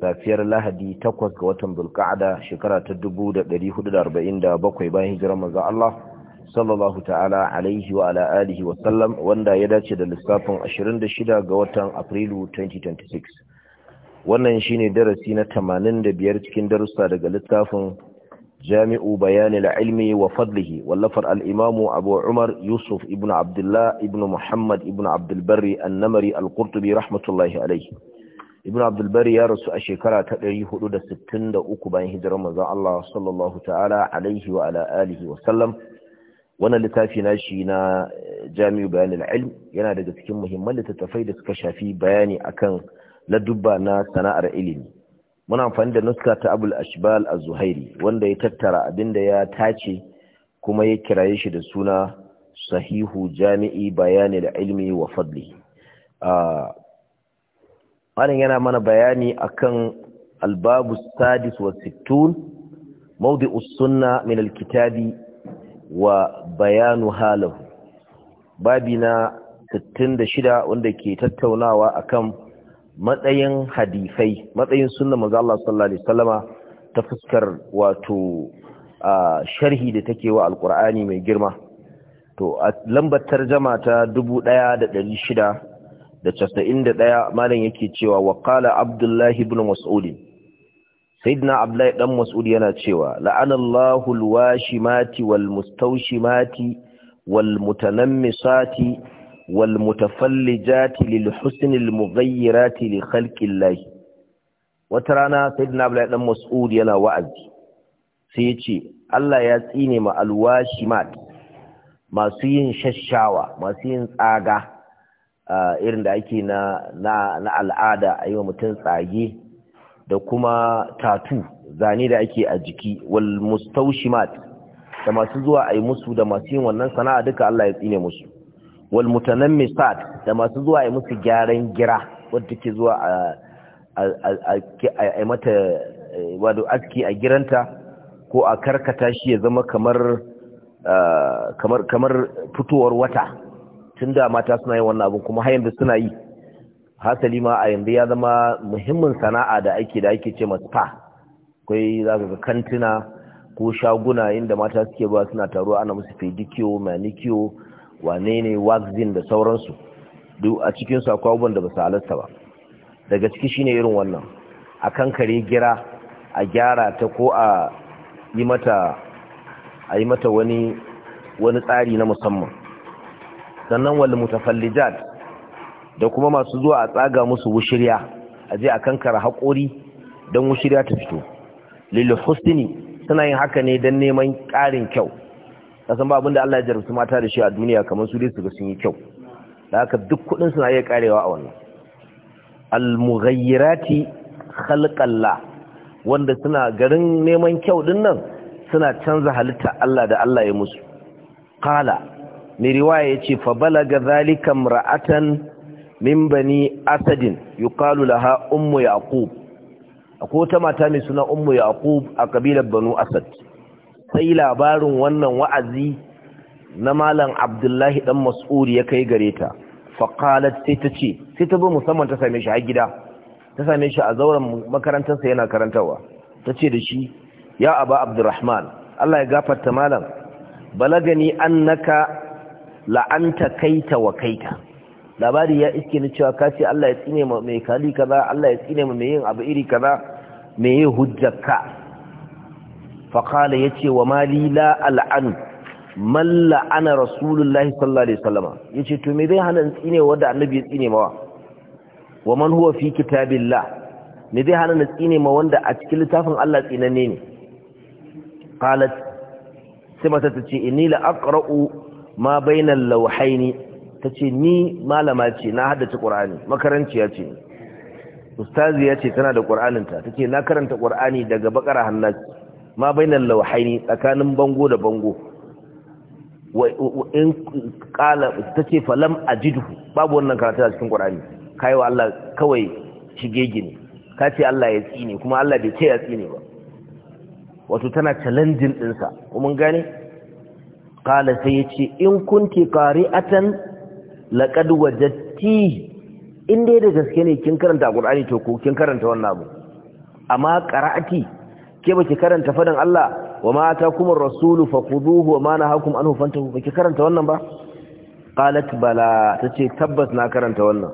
safiyar lahadi takwas ga watan bulka'ada shekara ta dubu da da bakwai bayan hijirar manzon Allah sallallahu ta'ala alaihi wa ala alihi wa sallam wanda ya dace da lissafin ashirin da shida ga watan afrilu 2026 wannan shine darasi na tamanin da biyar cikin darussa daga littafin jami'u bayanil ilmi wa fadlihi wallafar al-imamu abu umar yusuf ibn abdullah ibn muhammad ibn abdul barri an-namari al-qurtubi rahmatullahi alaihi ibn abdulbari ya rasu a shekara ta 463 bayan hijirar manzon Allah sallallahu ta'ala alaihi wa ala alihi wa sallam wannan littafi na shi eh, na jami'u bayanin ilm yana daga cikin muhimman littattafai da suka shafi bayani akan ladubba na sana'ar ilimi muna amfani da nuska ta abul ashbal az-zuhairi wanda ya tattara abinda ya tace kuma ya kiraye shi da suna sahihu jami'i bayanil ilmi wa fadli ah, malin yana mana bayani akan albabu sadis wa sittun mawdi sunna min alkitabi wa bayanu halahu babi na 66 wanda ke tattaunawa akan matsayin hadisai matsayin sunna manzo Allah sallallahu alaihi wasallama ta fuskar wato sharhi da take wa alqur'ani mai girma to a lambar tarjama ta 1600 da casa'in da ɗaya malam yake cewa wa abdullahi bin mas'ud sayyidina abdullahi dan mas'ud yana cewa la'anallahu alwashimati wal mustawshimati wal mutanammisati wal mutafallijati mughayyirati li khalqillahi wata rana sayyidina abdullahi dan mas'ud yana wa'azi sai yace Allah ya tsine ma alwashimat masu yin shashawa masu yin tsaga irin da ake na na al'ada a yi wa mutum tsage da kuma tatu zane da ake a jiki wal mustaushimat da masu zuwa a yi musu da masu yin wannan sana'a duka Allah ya tsine musu wal mutanammisat da masu zuwa a yi musu gyaran gira wadda ke zuwa a a mata eh, wado aski a giranta ko a karkata shi ya zama kamar eh, kamar fitowar wata tun da mata suna yin wannan abin kuma hayan da suna yi hasali ma a yanzu ya zama muhimmin sana'a da ake da ake ce ma spa akwai za ka ga kantuna ko shaguna inda mata suke ba suna taruwa ana musu pedicure manicure wane ne waxing da sauransu duk a cikin su akwai abubuwan da ba su halarta ba daga ciki shine irin wannan a kankare gira a gyara ta ko a yi mata wani tsari na musamman sannan wal mutafallijat da kuma masu zuwa a tsaga musu wushirya a je a kankara haƙori don wushirya ta fito lil hustini suna yin haka ne don neman ƙarin kyau kasan ba abinda Allah ya jarumta mata da shi a duniya kamar su dai su sun yi kyau da haka duk kuɗin suna iya karewa a wannan almughayyirati wanda suna garin neman kyau din nan suna canza halitta Allah da Allah ya musu qala mai riwaya ya ce fabalaga zalika ra'atan min bani asadin yuqalu laha ummu yaqub akwai wata mata mai suna ummu yaqub a kabilar banu asad sai labarin wannan wa'azi na malam abdullahi dan mas'ud ya kai gare ta faqalat sai ta ce sai ta bi musamman ta same shi a gida ta same shi a zauren makarantarsa yana karantawa ta ce da shi ya aba abdurrahman Allah ya gafarta malam balagani annaka la'anta kaita wa kaita labari ya iske ni cewa kace Allah ya tsine mu mai kali kaza Allah ya tsine mu mai yin abu iri kaza mai yin hujjarka fa qala yace wa mali la al'an man la'ana rasulullahi sallallahu alaihi wasallam yace to me zai hana tsine wanda annabi ya tsine mawa wa man huwa fi kitabillah me zai hana na tsine ma wanda a cikin littafin Allah tsinanne ne qalat sai mata tace inni la aqra'u ma bainal lauhaini tace ni malama ce na haddace qur'ani makaranciya ce ustaziya ce tana da ta tace na karanta qur'ani daga bakara hannaki ma lauhaini tsakanin bango da bango in kala tace falam jidhu babu wannan karatu a cikin qur'ani kaiwa Allah kawai shige ka kace Allah ya tsine kuma Allah bai ce ya tsine ba wato tana challenging dinsa kuma gane qala sai yace in kunti qari'atan laqad wajadti in dai da gaske ne kin karanta alqur'ani to ko kin karanta wannan abu amma ƙara'ati ke baki karanta fadan Allah wa wama atakumur rasulu wa wama nahakum anhu fantahu baki karanta wannan ba qalat bala tace tabbas na karanta wannan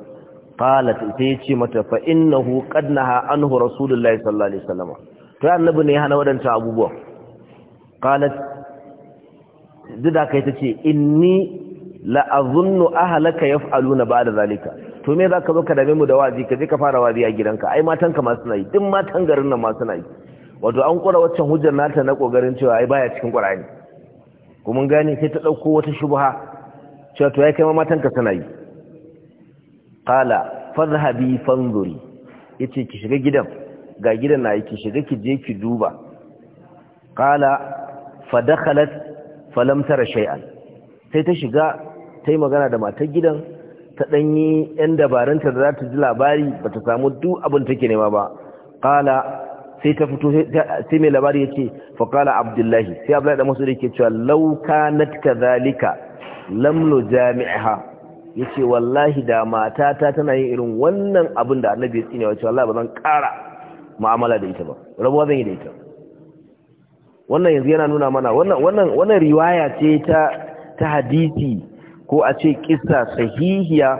qalat sai yace mata fa innahu qad naha anhu rasulullahi sallallahu alaihi wasallam to annabi ne ya hana wadancan abubuwa qalat duk da kai tace inni la azunnu ahlaka yaf'aluna ba'da zalika to me zaka zo ka dame mu da wazi ka je ka fara wazi a gidanka ai matan ka ma suna yi duk matan garin nan ma suna yi wato an kura waccan hujjar nata na kokarin cewa ai baya cikin qur'ani kuma gane sai ta dauko wata shubha cewa to ai kai ma matan ka suna yi qala fadhhabi fanzuri yace ki shiga gidan ga gidan na ki shiga ki je ki duba qala fa dakhalat falam tara shay'an sai ta shiga ta yi magana da matar gidan ta ɗanyi ‘yan dabarunta da za ta ji labari ba ta samu duk abin take nema ba ƙala sai ta fito sai mai labari ya ce faƙala abdullahi sai abu da masu da cewa lauka natka zalika lamlo jami'a ya ce wallahi da matata tana yin irin wannan abin da annabi ya tsinewa cewa Allah ba zan ƙara mu'amala da ita ba rabuwa zan yi da ita wannan yanzu yana nuna mana wannan riwaya ce ta hadisi ko a ce kisa sahihiya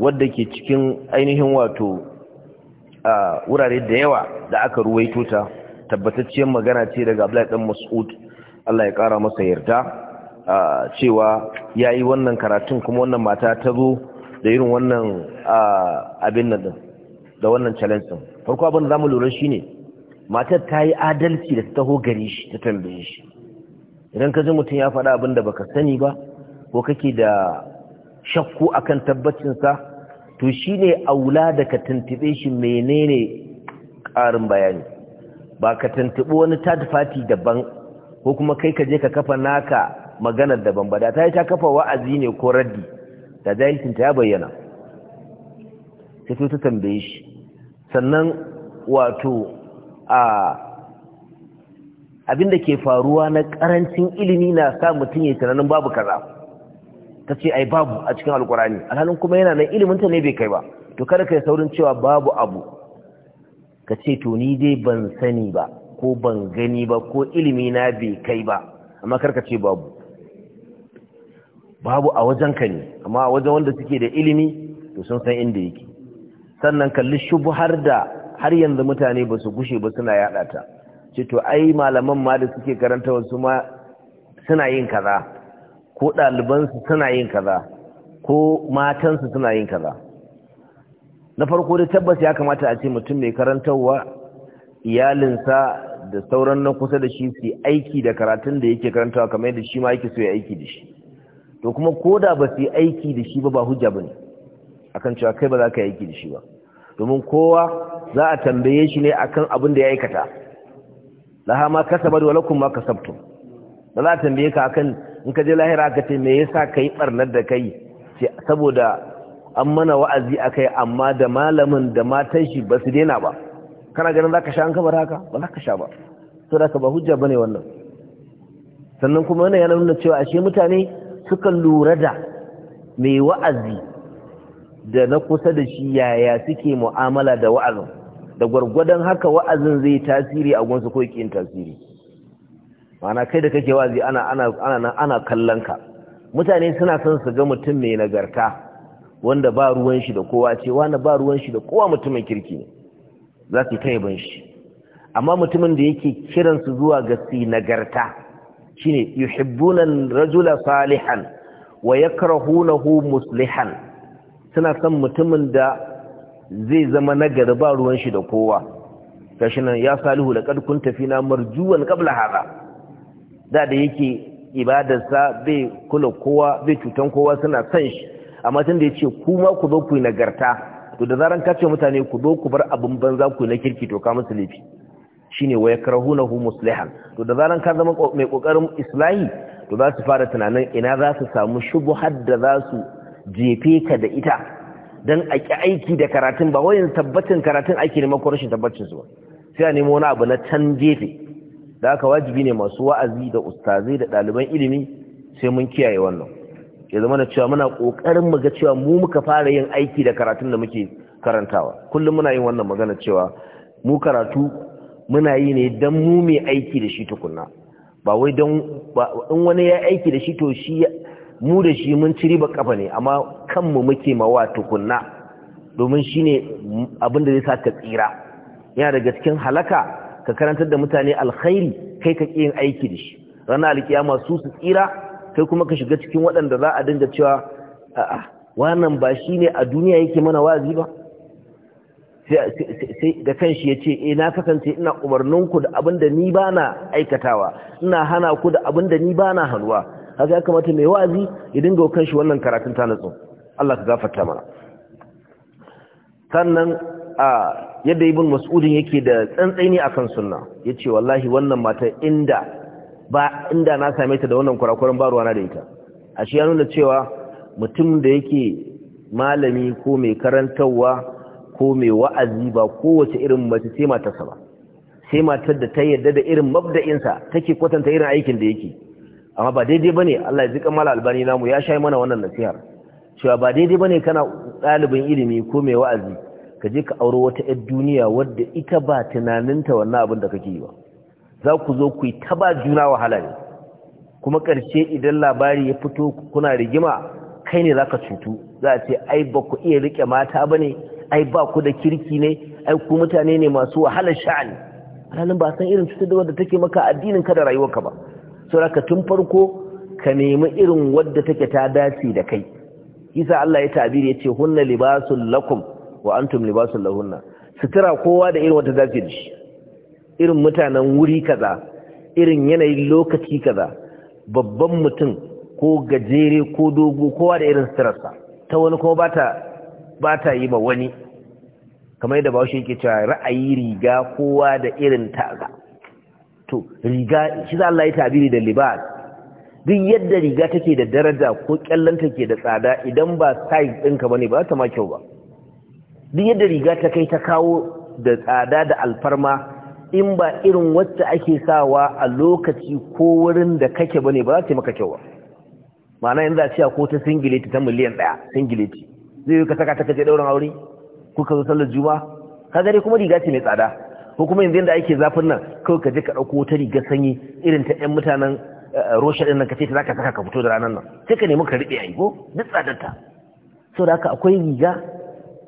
wadda ke cikin ainihin wato wurare da yawa da aka ruwaito ta tabbatacciyar magana ce daga Abdullahi dan Mas'ud Allah ya kara masa yarda cewa yayi wannan karatun kuma wannan mata ta zo da irin wannan abin nan da wannan challenge din farko abin da zamu lura shine matar ta yi adalci da ta taho gare shi ta tambaye shi idan ka ji mutum ya faɗa abin da baka sani ba ko kake da shakku akan tabbacinsa to shi ne aula da ka tuntuɓe shi menene ƙarin bayani ba ka tuntuɓi wani tadfati daban ko kuma kai ka je ka kafa naka maganar daban ba da ta yi ta kafa wa'azi ne ko raddi da jahilcinta ya bayyana sai ta tambaye shi sannan wato a abinda ke faruwa na karancin ilimi na sa mutum ya tunanin babu kaza ta ce ai babu a cikin alkurani alhalin kuma yana nan iliminta ne bai kai ba to kada kai saurin cewa babu abu ka ce to ni dai ban sani ba ko ban gani ba ko ilimi na bai kai ba amma karka ce babu babu a wajen ka ne amma a wajen wanda suke da ilimi to sun san inda yake sannan kalli shubuhar da har yanzu mutane ba su gushe ba suna yada ta ce to ai malaman ma da suke karanta wasu ma suna yin kaza ko ɗalibansu suna yin kaza ko matansu suna yin kaza na farko da tabbas ya kamata a ce mutum mai karantarwa iyalinsa da sauran na kusa da shi su aiki da karatun da yake karantawa kamar yadda shi ma yake so ya aiki da shi to kuma ko da ba su yi aiki da shi ba ba hujja ba ne akan cewa kai ba za ka yi aiki da shi ba domin kowa za a tambaye shi ne akan abin da ya aikata Lahama ma da wala kuma ma kasabtum ba za a tambaye ka akan in ka je lahira ka ce me yasa yi barnar da kai saboda an mana wa'azi kai amma da malamin da matan shi ba su daina ba kana ganin zaka sha an kamar haka ba za ka sha ba to da ba hujja bane wannan sannan kuma wannan yana nuna cewa ashe mutane suka lura da mai wa'azi da na kusa da shi yaya suke mu'amala da wa'azin da gwargwadon haka wa'azin zai tasiri a gunsu ko yakin tasiri mana kai da kake wazi ana ana ana ana kallon ka mutane suna son su ga mutum mai nagarta wanda ba ruwan shi da kowa ce wanda ba ruwan shi da kowa mutumin kirki ne za su kai ban shi amma mutumin da yake kiran su zuwa ga si nagarta shine yuhibbuna rajula salihan wa yakrahunahu muslihan suna son mutumin da zai zama nagari ba ruwan shi da kowa gashi nan ya salihu da ƙarfin tafi na marjuwan kabla hada da da yake ibadarsa bai kula kowa bai cutan kowa suna son shi amma tun da ya ce kuma ku zo ku nagarta to da zaran kace mutane ku zo ku bar abin banza ku na kirki to ka musu laifi shine waya yakrahunahu muslihan to da zaran ka zama mai kokarin islahi to za su fara tunanin ina za su samu shubuhar da za su jefe ka da ita don a ƙi aiki da karatun ba wayan tabbacin karatun ake neman makon rashin tabbacin su ba sai a nemo wani abu na can jefe da aka wajibi ne masu wa'azi da ustazai da ɗaliban ilimi sai mun kiyaye wannan ya zama da cewa muna ƙoƙarin mu cewa mu muka fara yin aiki da karatun da muke karantawa kullum muna yin wannan magana cewa mu karatu muna yi ne don mu mai aiki da shi tukunna ba wai don in wani ya aiki da shi to shi mu da shi mun ci riba kafa ne amma kanmu muke mawa tukunna domin shi abin da zai sa ka tsira yana daga cikin halaka ka karantar da mutane alkhairi kai ka yin aiki da shi ranar alkiyama su su tsira kai kuma ka shiga cikin waɗanda za a dinga cewa a'a wannan ba shi ne a duniya yake mana wazi ba sai da kanshi ya ce e na kasance ina umarninku da abin da ni bana aikatawa ina hana ku da abin da ni bana haduwa. kaga ya kamata mai wa'azi ya dinga kan shi wannan karatun ta natsu Allah ka gafarta mana sannan a yadda ibn mas'udin yake da tsantsaini akan sunna yace wallahi wannan mata inda ba inda na same ta da wannan kurakuran ba ruwana da ita A shi ya nuna cewa mutum da yake malami ko mai karantarwa ko mai wa'azi ba kowace irin mace sai matarsa ba sai matar da ta yarda da irin mabda'insa take kwatanta irin aikin da yake amma ba daidai bane Allah ya ji kamala albani namu ya shayi mana wannan nasihar cewa ba daidai bane kana ɗalibin ilimi ko mai wa'azi ka je ka auro wata ƴar duniya wadda ita ba tunaninta wannan abin da kake yi ba za ku zo ku yi ta ba juna wahala ne kuma ƙarshe idan labari ya fito kuna rigima kai ne za ka cutu za a ce ai ba ku iya riƙe mata ba ne ai ba ku da kirki ne ai ku mutane ne masu wahalar sha'ani alhalin ba san irin cutar da wadda take maka addinin ka da rayuwarka ba sauraka tun farko ka nemi irin wadda take ta dace da kai isa Allah ya tabiri ya ce hunna libasul lakum wa antum libasul lahunna sutura kowa da irin wata dace shi irin mutanen wuri kaza irin yanayin lokaci kaza babban mutum ko gajere ko dogo kowa da irin suturarsa ta wani kuma ba ta yi ma wani kamar yadda bawo shi yake cewa ra'ayi riga kowa da irin taga to riga shi za Allah ya tabiri da libas duk yadda riga take da daraja ko kyallanta ke da tsada idan ba size ɗinka bane ba ta ma kyau ba duk yadda riga ta kai ta kawo da tsada da alfarma in ba irin wacce ake sawa a lokaci ko wurin da kake bane ba za ta maka kyau ba ma'ana yanzu a ce ko ta singileti ta miliyan ɗaya singileti zai yi ka saka ta kaje ɗaurin aure ko ka zo sallar juma'a ka gare kuma riga ce mai tsada ko kuma yanzu yadda ake zafin nan kawai ka je ka ɗauko wata riga sanyi irin ta 'yan mutanen eh, roshar ɗin nan ka ce ta zaka saka ka fito da ranar nan sai ka nemi ka riɓe a yi ko duk tsadarta sau da haka akwai riga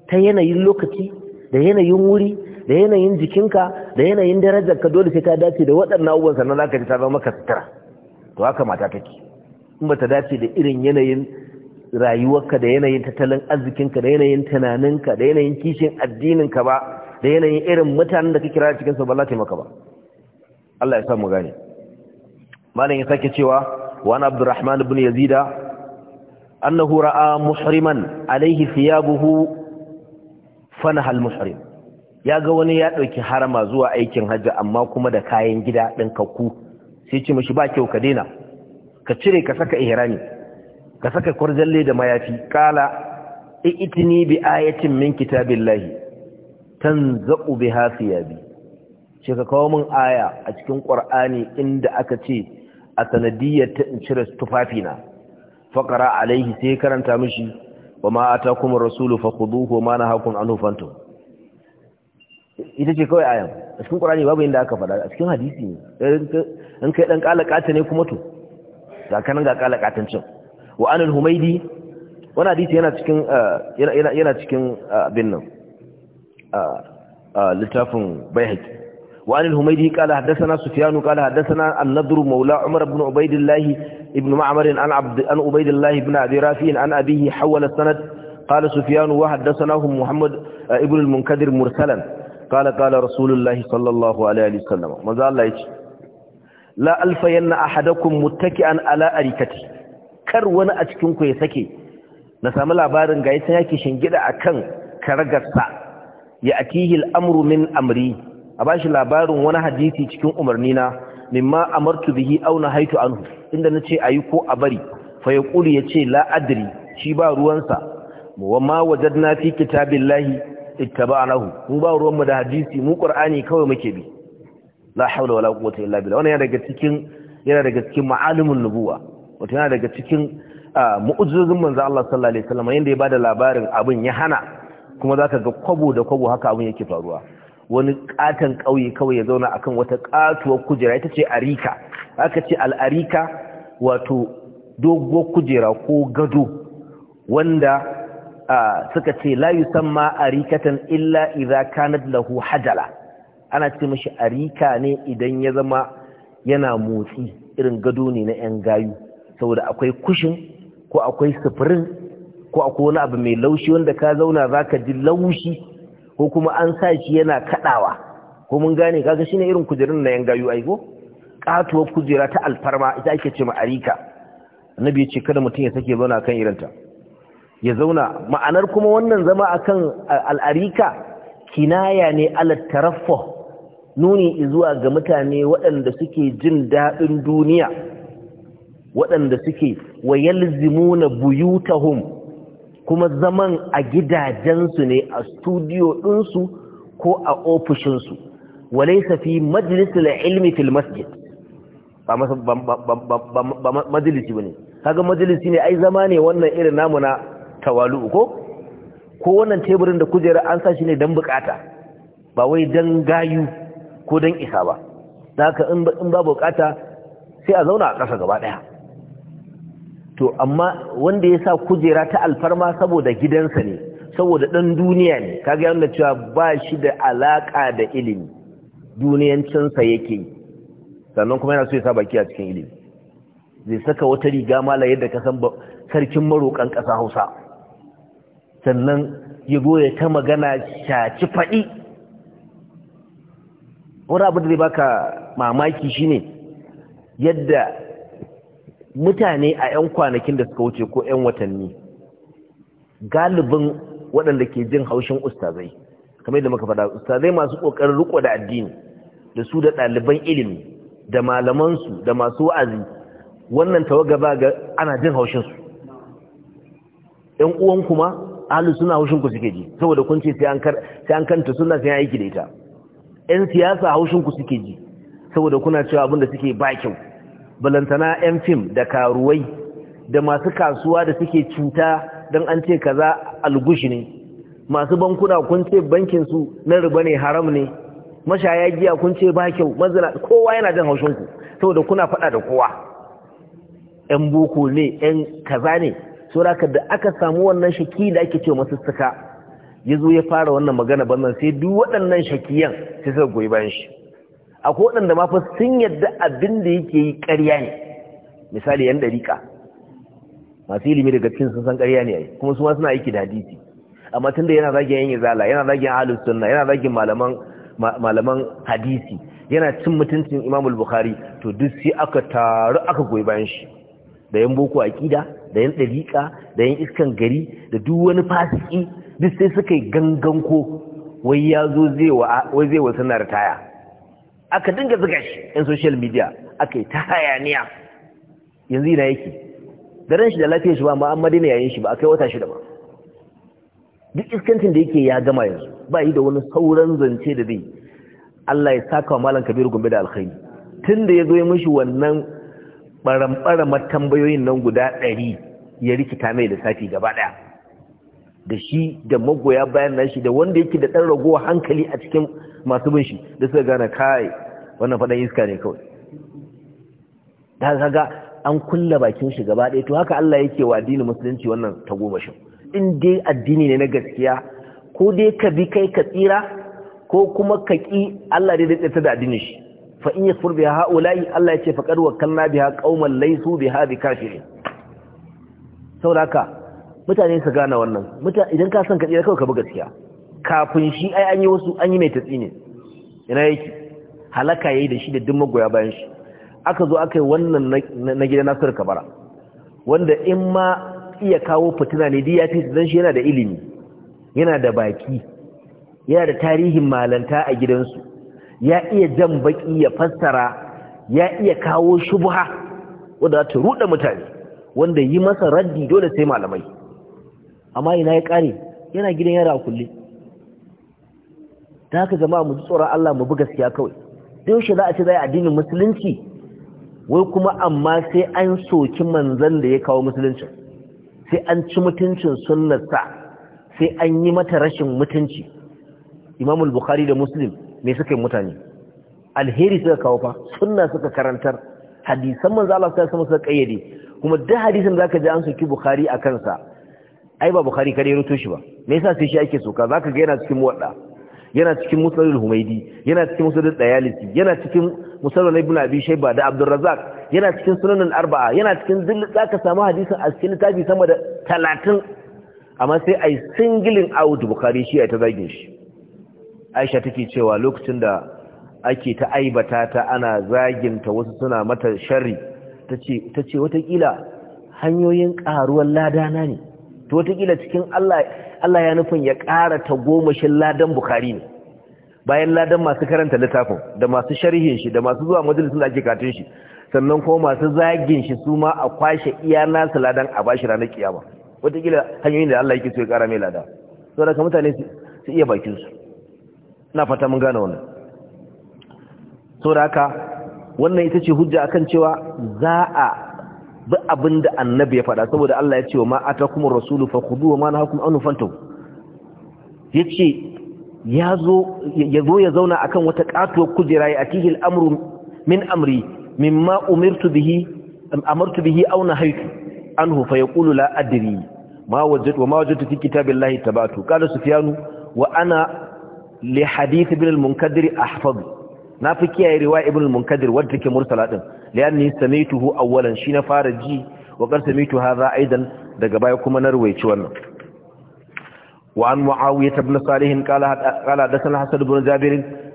ta yanayin lokaci da yanayin wuri da yanayin jikinka da yanayin darajar ka dole sai ta dace da waɗannan abubuwan sannan za ka ji ta zama maka sutura to haka mata take in ba ta dace da irin yanayin rayuwarka da yanayin tattalin arzikinka da yanayin tunaninka da yanayin kishin addininka ba da yanayin irin mutanen da ka kira cikin su ba maka ba Allah ya samu gane malam ya sake cewa wa an abdurrahman ibn yazida annahu ra'a muhriman alayhi thiyabuhu fanaha al-muhrim ya ga wani ya ɗauki harama zuwa aikin hajji amma kuma da kayan gida din kakku sai ce mishi ba kyau ka daina ka cire ka saka ihrami ka saka kurjalle da mayafi kala i'tini bi ayatin min kitabillahi bi biha thiyabi ce ka kawo min aya a cikin qur'ani inda aka ce a sanadiyyar ta in cire tufafina faqara alaihi sai karanta mishi wa ma atakum ar-rasulu fakhuduhu wa ma nahakum anhu fantum ita ce kawai ayan a cikin qur'ani babu inda aka faɗa a cikin hadisi ne in kai dan kalakata ne kuma to ga kanan ga kalakatancin wa anil humaydi wannan hadisi yana cikin eh, yana cikin eh, abin nan littafin bayhaki wa anil humaydi qala hadathana sufyan qala hadathana an-nadr mawla umar ibn ubaydillah ibn ma'mar an abd an ubaydillah an abihi hawala sanad qala sufyan wa hadathanahu muhammad ibn munkadir mursalan qala qala rasulullah sallallahu alayhi wa sallam maza allah yace la alfa yanna ahadakum muttaki'an ala arikati kar wani a cikin ku ya sake na samu labarin ga yace yake shingida akan karagarsa ya atihil amru min amri a bashi labarin wani hadisi cikin umarni na mimma amartu bihi aw nahaitu anhu inda nace ayi ko a bari fa yaqulu yace la adri shi ba ruwan sa wa ma wajadna fi kitabillahi ittaba'nahu mu ba ruwan mu da hadisi mu qur'ani kawai muke bi la hawla wala quwwata illa billah wannan yana daga cikin yana daga cikin ma'alimun nubuwa wato yana daga cikin ah, mu'ujizin manzo Allah sallallahu alaihi wasallam yanda ya bada labarin abin ya hana kuma za ka ga kwabo da kwabo haka abin yake faruwa wani katon ƙauye kawai ya zauna akan wata katuwar kujera ita ce arika aka ce al'arika wato doguwar kujera ko gado wanda suka ce la yusamma arikatan illa idza kanat lahu hajala ana ce mashi arika ne idan ya zama yana motsi irin gado ne na 'yan gayu saboda akwai kushin ko akwai sufurin ko a wani abu mai laushi wanda ka zauna za ka ji laushi ko kuma an sa shi yana kaɗawa ko mun gane kaga shine irin kujerun na yan gayu aiko katuwar kujera ta alfarma ita ake ce ma'arika annabi ya ce kada mutum ya sake zauna kan irinta ya zauna ma'anar kuma wannan zama akan al'arika kinaya ne ala tarafo nuni zuwa ga mutane waɗanda suke jin daɗin duniya waɗanda suke wayalzimuna buyutahum kuma zaman a gidajensu ne a studio ɗinsu ko a ofishinsu safi fi da ilmi fil masjid ba majalisi ba ne kaga majalisi ne ai zama ne wannan irin namuna na tawalu ko ko wannan teburin da kujera an sa shi ne don bukata ba wai don gayu ko don isa ba da in ba bukata sai a zauna a ƙasa gaba ɗaya to amma wanda ya sa kujera ta alfarma saboda gidansa ne saboda ɗan duniya ne kaga yana cewa ba shi da alaƙa da ilimi duniyancinsa yake yi sannan kuma yana so ya sa baki a cikin ilimi zai saka wata riga mala yadda ka san sarkin marokan ƙasa hausa sannan ya goya ta magana shaci faɗi wani abu da zai baka mamaki shine yadda mutane a 'yan kwanakin da suka wuce ko 'yan watanni galibin waɗanda ke jin haushin ustazai kamar yadda muka faɗa ustazai masu ƙoƙarin riko da addini da su da ɗaliban ilimi da malamansu da masu wa'azi wannan tawaga gaba ga ana jin haushinsu ‘yan uwan kuma alu suna haushinku suke ji saboda kun ce sai an kanta suna sai aiki da ita ‘yan siyasa haushinku suke ji saboda kuna cewa abin da suke ba kyau balantana 'yan fim da karuwai da masu kasuwa da suke cuta don an ce kaza algushi ne masu bankuna kun ce bankinsu na riba ne haram ne mashaya giya kun ce ba kyau mazana kowa yana jin haushinku saboda kuna faɗa da kowa 'yan boko ne 'yan kaza ne sauraka da aka samu wannan shaki da ake ce masu suka ya zo ya fara wannan magana bannan sai duk waɗannan shakiyan sai suka goyi bayan shi akwai waɗanda ma fa sun yadda abin da yake yi ƙarya ne misali yan dariƙa masu ilimi daga cikin sun san ƙarya ne yi. kuma su suna aiki da hadisi amma da yana zagin yan zala yana zagin ahlus sunna yana zagin malaman hadisi yana cin mutuncin Imamul buhari bukhari to duk sai aka taru aka goyi bayan shi da yan boko ƙida, da yan dariƙa da yan iskan gari da duk wani fasiki duk sai suka yi gangan ko wai ya zo zai wa na da taya aka dinga zuga shi yan social media aka yi ta hayaniya yanzu ina yake da ran shi da lafiyar shi ba amma an madina yayin shi ba akai wata shida ba duk iskantin da yake ya gama yanzu ba yi da wani sauran zance da zai Allah ya saka wa malam Kabiru Gombe da alkhairi tunda yazo ya mishi wannan barambaramar tambayoyin nan guda ɗari ya rikita mai da sati gaba ɗaya da shi da magoya bayan nashi da wanda yake da ɗan ragowa hankali a cikin masu bin shi da suka gane kai wannan faɗin iska ne kawai da kaga an kulla bakin shi gaba ɗaya to haka Allah yake wa addinin musulunci wannan ta goma tagomashin in dai addini ne na gaskiya ko dai ka bi kai ka tsira ko kuma ka ƙi Allah dai da da addinin shi fa in yakfur biha haula'i Allah ya ce faqad wakkalna biha qauman laysu biha bikafirin saboda mutane su gane wannan idan ka san ka tsira kawai ka bi gaskiya kafin shi ai an yi wasu an yi mai tatsi ne ina yake halaka yayi da shi da duk magoya bayan shi aka zo aka yi wannan na gidan Nasir Kabara wanda in ma iya kawo fitina ne duk ya fi dan shi yana da ilimi yana da baki yana da tarihin malanta a gidansu ya iya jan baki ya fassara ya iya kawo shubha wanda ta ruɗa mutane wanda yi masa raddi dole sai malamai amma ina ya kare yana gidan yara a kulle ta haka jama'a mu ji tsoron Allah mu bi gaskiya kawai don shi za a ce zai addinin musulunci wai kuma amma sai an soki manzan da ya kawo musulunci sai an ci mutuncin sunnarsa sai an yi mata rashin mutunci imamul bukhari da muslim me suka yi mutane alheri suka kawo fa sunna suka karantar hadisan manzo Allah sai suka kayyade kuma duk hadisin zaka ji an soki bukhari a kansa ai ba bukhari kare ruto shi ba me yasa sai shi ake soka zaka ga yana cikin wadda yana cikin musnadul humaidi yana cikin musnadul dayalisi yana cikin musnadul ibn abi shayba da abdurrazzaq yana cikin sunanan arba'a yana cikin za zaka samu hadisin a cikin littafi sama da talatin. amma sai ai singling out bukhari shi ai ta zagin shi aisha take cewa lokacin da ake ta aibata ta ana zaginta wasu suna mata sharri tace tace watakila hanyoyin karuwar ladana ne to wataƙila cikin Allah ya nufin ya ƙara ta gomashin ladan Bukhari ne bayan ladan masu karanta littafin da masu sharhin shi da masu zuwa majalisun da ake katun shi sannan kuma masu zagin shi su ma a kwashe iya nasu ladan a bashi ranar kiyama wataƙila hanyoyin da Allah yake so ya ƙara mai lada saboda ka mutane su iya bakin su ina fata mun gane wannan da haka wannan ita ce hujja akan cewa za a duk abin da annabi ya faɗa saboda Allah ya ce wa ma kuma rasulu fakhudu wa ma nahakum anhu fantahu yace ya zo ya zauna akan wata katuwar kujera ya atihi amru min amri min ma umirtu bihi amartu bihi aw nahaytu anhu fa yaqulu la adri ma wajadtu wa ma wajadtu fi kitabillahi tabatu qala sufyanu wa ana li hadith ibn al a ahfaz na fi kiyaye riwaya ibn al-munkadir wadda take murtala din lianni samituhu awwalan shi na fara ji wa qad samitu hadha aidan daga baya kuma na ruwaici wannan wa an muawiyah ibn salih qala qala dasal hasan ibn jabir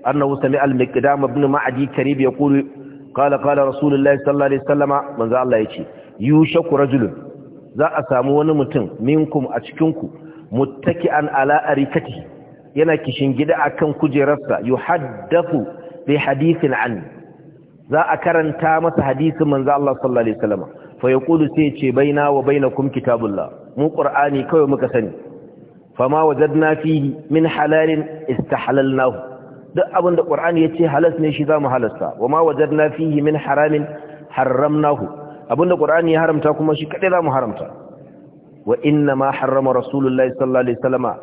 annahu al-miqdam ibn ma'adi karib yaqulu qala qala sallallahu alaihi wasallama manzo Allah yace yushaku rajulun za a samu wani mutum minkum a cikin ku muttaki'an ala arikati yana kishin gida akan kujerarsa yuhaddathu bi hadithin an za a karanta masa hadisin manzo Allah sallallahu alaihi wasallam fa yaqulu sai ce baina wa bainakum kitabullah mu qur'ani kawai muka sani fama wajadna fihi min halalin istahalalnahu duk abin da qur'ani yace halas ne shi zamu halasta wama wajadna fihi min haramin harramnahu abinda qur'ani ya haramta kuma shi kadai zamu haramta wa inna ma harrama rasulullahi sallallahu alaihi wasallama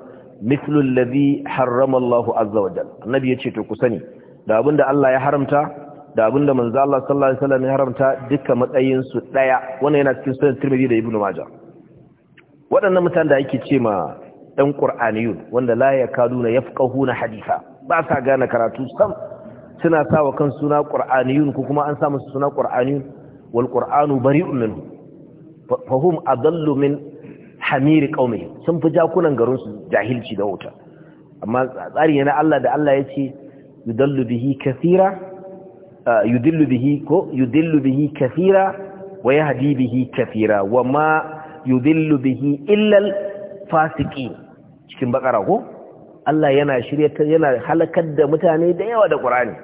mithlu alladhi harrama Allahu azza wa jalla annabi yace to ku sani da abinda Allah ya haramta da abinda manzo Allah sallallahu alaihi wasallam ya haramta duka matsayin su daya wannan yana cikin sunan Tirmidhi da Ibn Majah waɗannan mutanen da ake ce ma ɗan ƙur'aniyun wanda la yakaduna yafqahuna haditha ba sa gane karatu sam suna sawa kan suna ƙur'aniyun ko kuma an sa musu suna ƙur'aniyun wal ƙur'anu bari'un minhu fahum adallu min hamiri qaumi sun fi jakunan garin su jahilci da wuta amma tsari yana na Allah da Allah yace yudallu bihi kathira yudillu bihi ko yudillu bihi kathira wa yahdi bihi kathira wa ma yudillu bihi illa al-fasiqin cikin bakara ko Allah yana shiryatar yana halakar da mutane da yawa da Qur'ani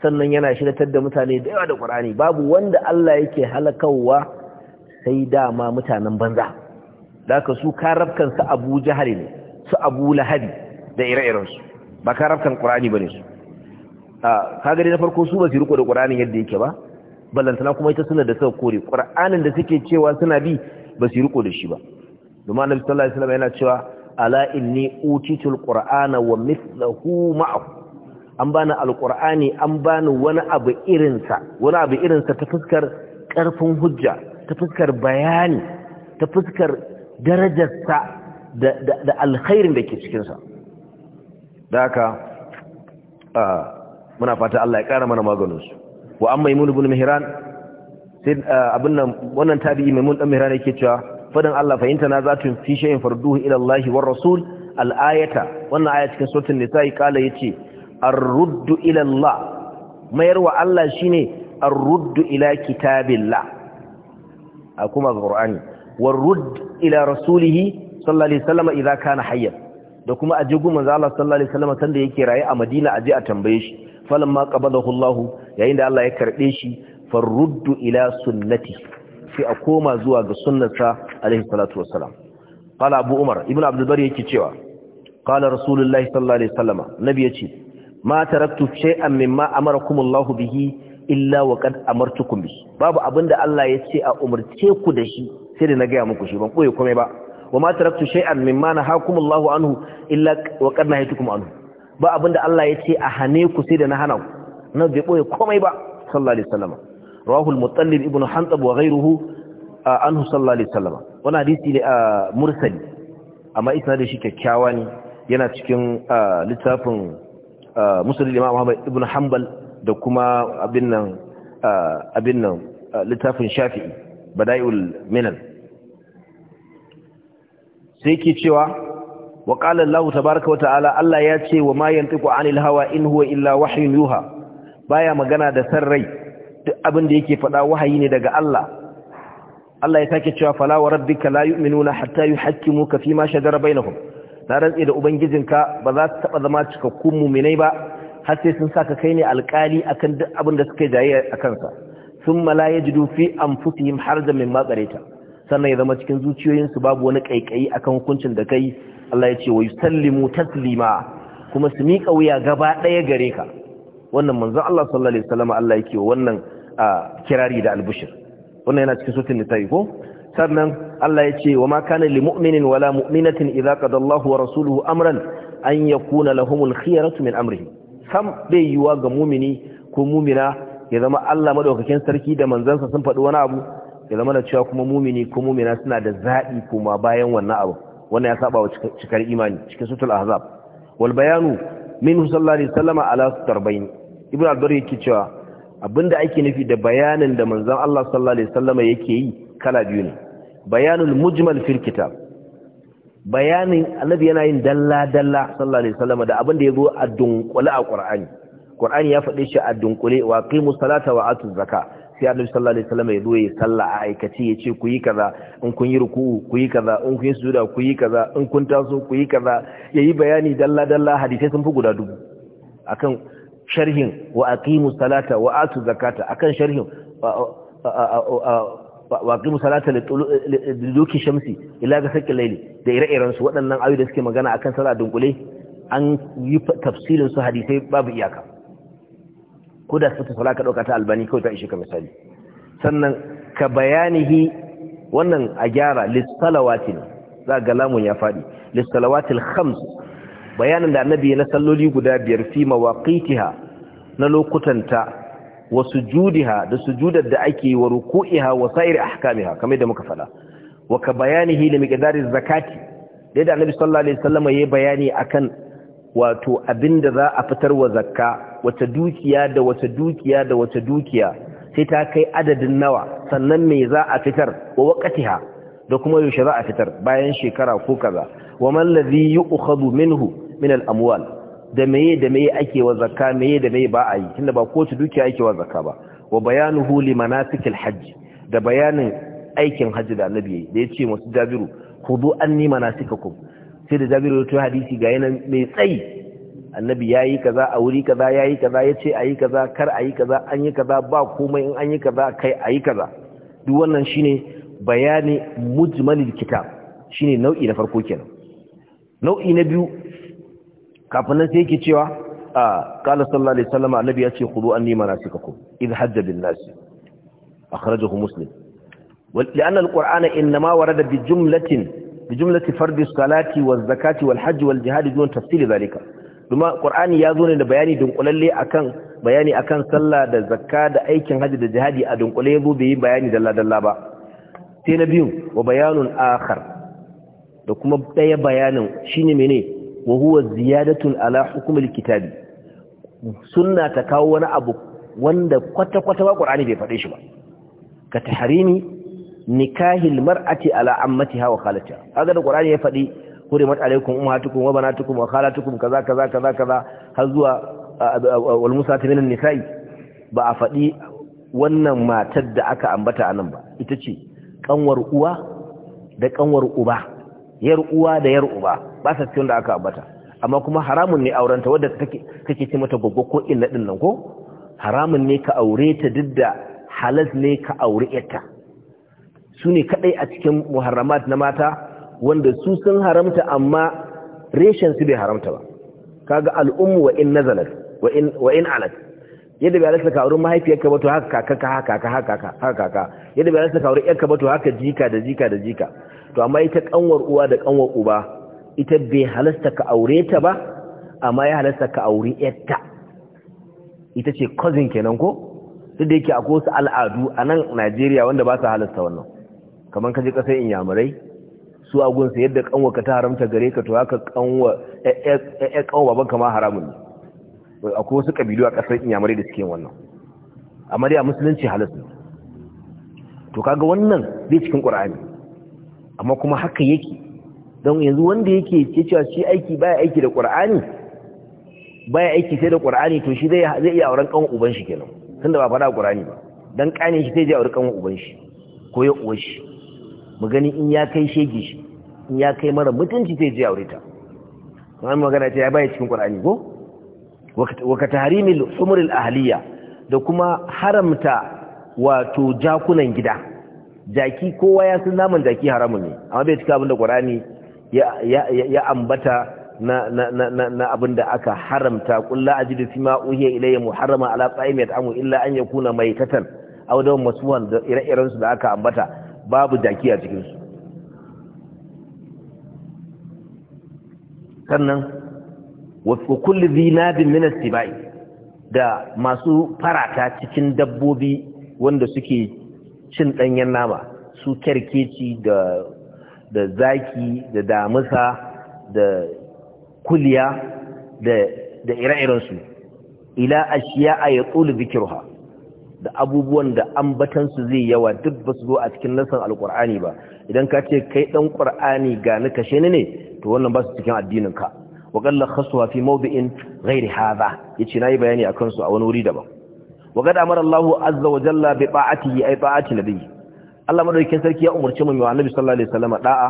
sannan yana shiryatar da mutane da yawa da Qur'ani babu wanda Allah yake halakawa sai dama mutanen banza daka su karabkan su Abu Jahal ne su Abu Lahab da ire-irensu ba karabkan Qur'ani bane su kaga dai na farko su ba su riko da qur'anin yadda yake ba ballantana kuma ita suna da suka kore qur'anin da suke cewa suna bi ba su riko da shi ba domin annabi sallallahu alaihi wasallam yana cewa ala inni utitul qur'ana wa mithluhu ma'ahu an bani alqur'ani an bani wani abu irinsa wani abu irinsa ta fuskar karfin hujja ta fuskar bayani ta fuskar darajarsa da alkhairin da ke cikinsa. sa da haka muna fata Allah ya ƙara mana maganinsu. wa amma imun ibn mihran sai ah, abin nan wannan tabi'i maimun dan mihran yake cewa fadan Allah fahimta na zatun fi shay'in farduhu ila Allah war rasul al ayata wannan aya cikin suratul nisa kala yace ar-ruddu ila Allah mayar wa Allah shine ar-ruddu ila kitabillah a kuma qur'ani war rudd ila rasulihi sallallahu alaihi wasallam idza kana hayyan da kuma aje gumin manzo Allah sallallahu alaihi wasallam sanda yake raye a Madina aje a tambaye shi falamma qabadahu Allah yayin da Allah ya karbe shi faruddu ila sunnati sai a koma zuwa ga sunnata alaihi salatu wassalam qala abu umar Ibn Abdulbar bari yake cewa qala rasulullahi sallallahu alaihi wasallama nabi yace ma taraktu shay'an mimma amarakum Allah bihi illa wa qad amartukum bihi babu abinda Allah ya ce a umarce ku da shi sai da na ga muku shi ban koyi komai ba wa ma taraktu shay'an mimma nahakum Allah anhu illa wa qad nahaytukum anhu ba abin da Allah ya ce a hane ku sai da na hana ku na bai boye komai ba sallallahu alaihi wasallam rawahul mutallib ibnu wa ghayruhu anhu sallallahu alaihi wasallam wannan hadisi ne mursali amma isnadin shi kyakkyawa ne yana cikin littafin musulun imam Muhammad ibn Hanbal da kuma abin nan abin nan littafin Shafi'i Bada'iul Minan sai ke cewa wa qala Tabaraka tabaaraka wa ta'ala Allah ya ce wa ma yantiqu 'anil hawa in huwa illa wahyun yuha baya magana da san rai duk abin da yake faɗa wahayi ne daga Allah Allah ya sake cewa falawa wa rabbika la yu'minuna hatta yuhakkimuka fi ma shajara bainahum na rantsi da ubangijinka ba za su taba zama cikakkun mu'minai ba har sai sun saka kai ne alƙali akan duk abin da suka jaye a kansa thumma la yajidu fi anfusihim harjan mimma qareta sannan ya zama cikin zuciyoyinsu babu wani kaikayi akan hukuncin da kai Allah ya ce wa yusallimu taslima kuma su miƙa wuya gaba ɗaya gare ka wannan manzon Allah sallallahu alaihi wasallam Allah yake wa wannan kirari da albushir wannan yana cikin sutun nisa'i ko sannan Allah ya ce wa ma kana lil mu'minin wala mu'minatin idza qada Allahu wa rasuluhu amran an yakuna lahumul khiyaratu min amrihi sam bai yiwuwa ga mu'mini ko mu'mina ya zama Allah madaukakin sarki da manzansa sun faɗi wani abu ya zama da cewa kuma mu'mini ko mu'mina suna da zaɓi kuma bayan wannan abu wannan ya saba wa cikar imani cikin sutul ahzab wal bayanu minhu sallallahu alaihi wasallama ala sutarbain ibnu abdur yake cewa abinda ake nufi da bayanin da manzon Allah sallallahu alaihi yake yi kala biyu ne bayanul mujmal fil kitab bayanin annabi yana yin dalla dalla sallallahu alaihi wasallama da abinda yazo a dunkule a qur'ani qur'ani ya faɗe shi a dunkule wa qimus salata wa atuz zakah sai annabi sallallahu alaihi wasallam ya zo ya salla a aikace ya ce ku yi kaza in kun yi ruku'u ku yi kaza in kun yi sujuda ku yi kaza in kun taso ku yi kaza yayi bayani dalla dalla hadisai sun fi guda dubu akan sharhin wa aqimu salata wa atu zakata akan sharhin wa aqimu salata duki shamsi ila ga sakin laili da ire-iren su waɗannan ayoyi da suke magana akan sallah dunkule an yi tafsirin su hadisai babu iyaka ko da sifatu sala ka dauka ta albani kawai ta ishe ka misali sannan ka bayanihi wannan a gyara lissalawati za ga lamun ya faɗi lissalawatil khams bayanin da annabi na salloli guda biyar fi mawaqitiha na lokutanta wa sujudiha da sujudar da ake yi wa ruku'iha wa sa'ir ahkamiha kamar da muka faɗa wa ka bayanihi li miqdariz zakati da da annabi sallallahu alaihi wasallam yayi bayani akan wato abinda za a fitar wa zakka wata dukiya da wata dukiya da wata dukiya sai ta kai adadin nawa sannan me za a fitar wa waqtiha da kuma yaushe za a fitar bayan shekara ko kaza wa man ladhi yu'khadhu minhu min al-amwal da meye da meye ake wa zakka meye da meye ba a yi tunda ba kowace dukiya ake wa zakka ba wa bayanuhu li manasikil hajj da bayanin aikin hajji da annabi da yace musu jabiru khudu anni manasikakum sai da jabiru ya hadisi ga yana mai tsayi annabi ya yi kaza a wuri kaza ya yi kaza ya ce a yi kaza kar a yi kaza an yi kaza ba komai in an yi kaza kai a yi kaza duk wannan ne bayani mujmalil kitab ne nau'i na farko kenan nau'i na biyu kafin nan sai yake cewa a kala sallallahu alaihi wasallam annabi ya ce khudu anni manasikakum idh hajja bin nas akhrajahu muslim ولأن القرآن إنما ورد بجملة بجملة فرد الصلاة والزكاة والحج والجهاد دون تفصيل ذلك kuma ya zo ne da bayani dunkulalle akan bayani akan sallah da zakka da aikin haji da jihadi a dunkule yazo bai yi bayani dalla dalla ba sai na biyu wa bayanun akhar da kuma daya bayanin shine mene wa huwa ziyadatun ala hukmil kitabi sunna ta kawo wani abu wanda kwata kwata ba qur'ani bai faɗe shi ba ka tahrimi nikahil mar'ati ala ammatiha wa khalatiha kaga da qur'ani ya faɗi hurimat alaikum ummatukum wa banatukum wa khalatukum kaza kaza kaza kaza har zuwa wal musati minan nisa'i ba a faɗi wannan matar da aka ambata anan ba ita ce kanwar uwa da kanwar uba yar uwa da yar uba ba sa cikin da aka ambata amma kuma haramun ne aurenta wadda take take ce mata goggo ko inna din nan ko haramun ne ka aure ta duk da halal ne ka aure yarta su ne kadai a cikin muharramat na mata wanda su sun haramta amma reshen su bai haramta ba kaga al'ummu wa in nazalat wa in wa in alat yadda bai alasta ka wurin mahaifiyarka ba to haka kaka ka haka ka haka ka haka ka yadda bai alasta ka wurin yarka ba to haka jika da jika da jika to amma ita kanwar uwa da kanwar uba ita bai halasta ka aure ta ba amma ya halasta ka aure yarta ita ce cousin kenan ko duk da yake akwai wasu al'adu a nan Najeriya wanda ba su halasta wannan kamar kaje ƙasar inyamurai su a gunsa yadda kanwaka ta haramta gare ka to haka kanwa ya kanwa babanka ma haramun ne akwai wasu kabilu a kasar inyamurai da suke wannan amma dai a musulunci halas ne to kaga wannan zai cikin ƙur'ani. amma kuma haka yake don yanzu wanda yake cewa shi aiki baya aiki da qur'ani baya aiki sai da ƙur'ani? to shi zai zai iya auren kanwa uban shi kenan tunda ba fara ƙur'ani ba dan kane shi sai zai auren kanwa uban shi ko ya uwar shi mu gani in ya kai shege shi in ya kai mara mutunci zai je aure ta wannan magana ta ya baya cikin Qur'ani go? wa ka taharimil al ahliya da kuma haramta wato jakunan gida jaki kowa ya san naman jaki haramun ne amma bai cika abinda Qur'ani ya ya ambata na na na na abinda aka haramta kullu ajidu fima uhiya ilayya muharrama ala ta'im amu illa an yakuna maytatan aw dawan masuhan da ire irensu da aka ambata babu jaki a cikinsu sannan wasu kulli zinabin minasti bai da masu farata cikin dabbobi wanda suke cin ɗanyen nama su kyarkeci da da zaki da damusa da kuliya da da ire-irensu ila ashiya a ya tsulu da abubuwan da ambatansu zai yawa duk ba su zo a cikin nasan alkur'ani ba idan ka ce kai dan qur'ani ga ni kashe ni ne to wannan ba su cikin addinin ka wa qalla khaswa fi mawdi'in ghairi hadha yace nayi bayani akan su a wani wuri daban wa qad amara Allah azza wa jalla bi ta'atihi ay ta'ati nabiyyi Allah madaukakin sarki ya umarci mu mu annabi sallallahu alaihi wasallam da'a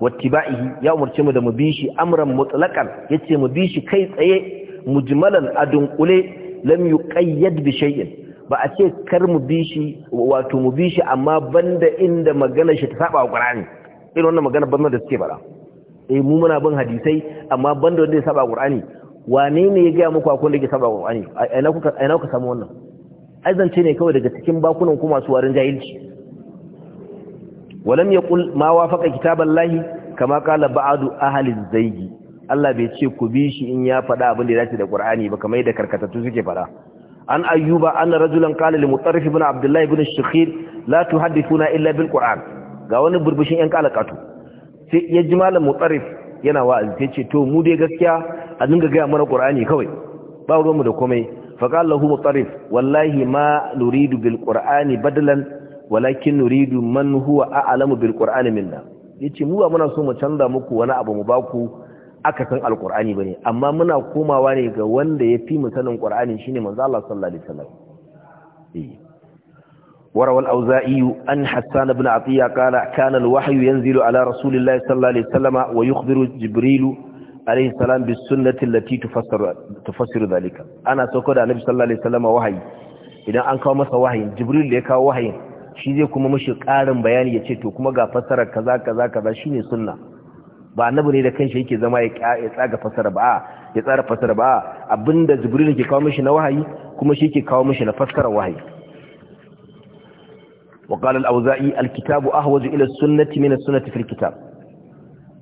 wattiba'ihi ya umarci mu da mu bi shi amran mutlaqan yace mu bi shi kai tsaye mujmalan adunkule lam yuqayyad bi shay'in ba a ce kar mu bi shi wato mu bi shi amma banda inda magana shi ta saba wa Qur'ani irin wannan magana banda da suke bara eh mu muna bin hadisai amma banda wanda ya saba wa Qur'ani wane ne ya gaya muku akwai da ke saba wa Qur'ani ina kuka ina kuka samu wannan azance ne kawai daga cikin bakunan kuma masu warin jahilci walam yaqul ma wafaqa kitaballahi kama qala ba'du ahli zaygi Allah bai ce ku bi shi in ya faɗa abin da ya dace da Qur'ani ba kamar yadda karkatattu suke faɗa an ayyuba anna rajulan qala li mutarrif ibn abdullah ibn shakhir la tuhaddithuna illa bil qur'an ga wani burbushin yan kalakatu sai ya ji malam mutarrif yana wa'azi sai ce to mu dai gaskiya a dinga ga mana qur'ani kawai ba ruwanmu da komai fa qala lahu mutarrif wallahi ma nuridu bil qur'ani badalan walakin nuridu man huwa a'lamu bil qur'ani minna yace mu ba muna so mu canza muku wani abu mu baku akasin alkur'ani bane amma muna komawa ne ga wanda ya fi mu sanin qur'ani shine manzo Allah sallallahu alaihi wasallam وروى الأوزائي أن حسان بن عطية قال كان الوحي ينزل على رسول الله صلى الله عليه وسلم ويخبر جبريل عليه السلام بالسنة التي Ana تفسر da أنا سأقول النبي صلى الله idan an kawo masa أنك مسا da ya kawo وحي shi zai kuma mushi ƙarin bayani ya ce to kuma ga fassarar kaza kaza kaza shine sunna ba annabi ne da kanshi yake zama ya tsaga fasara ba ya tsara fasara ba abinda jibril ke kawo mishi na wahayi kuma shi yake kawo mishi na fasara wahayi wa qala al-awza'i al-kitabu ahwaju ila sunnati min as-sunnati fil kitab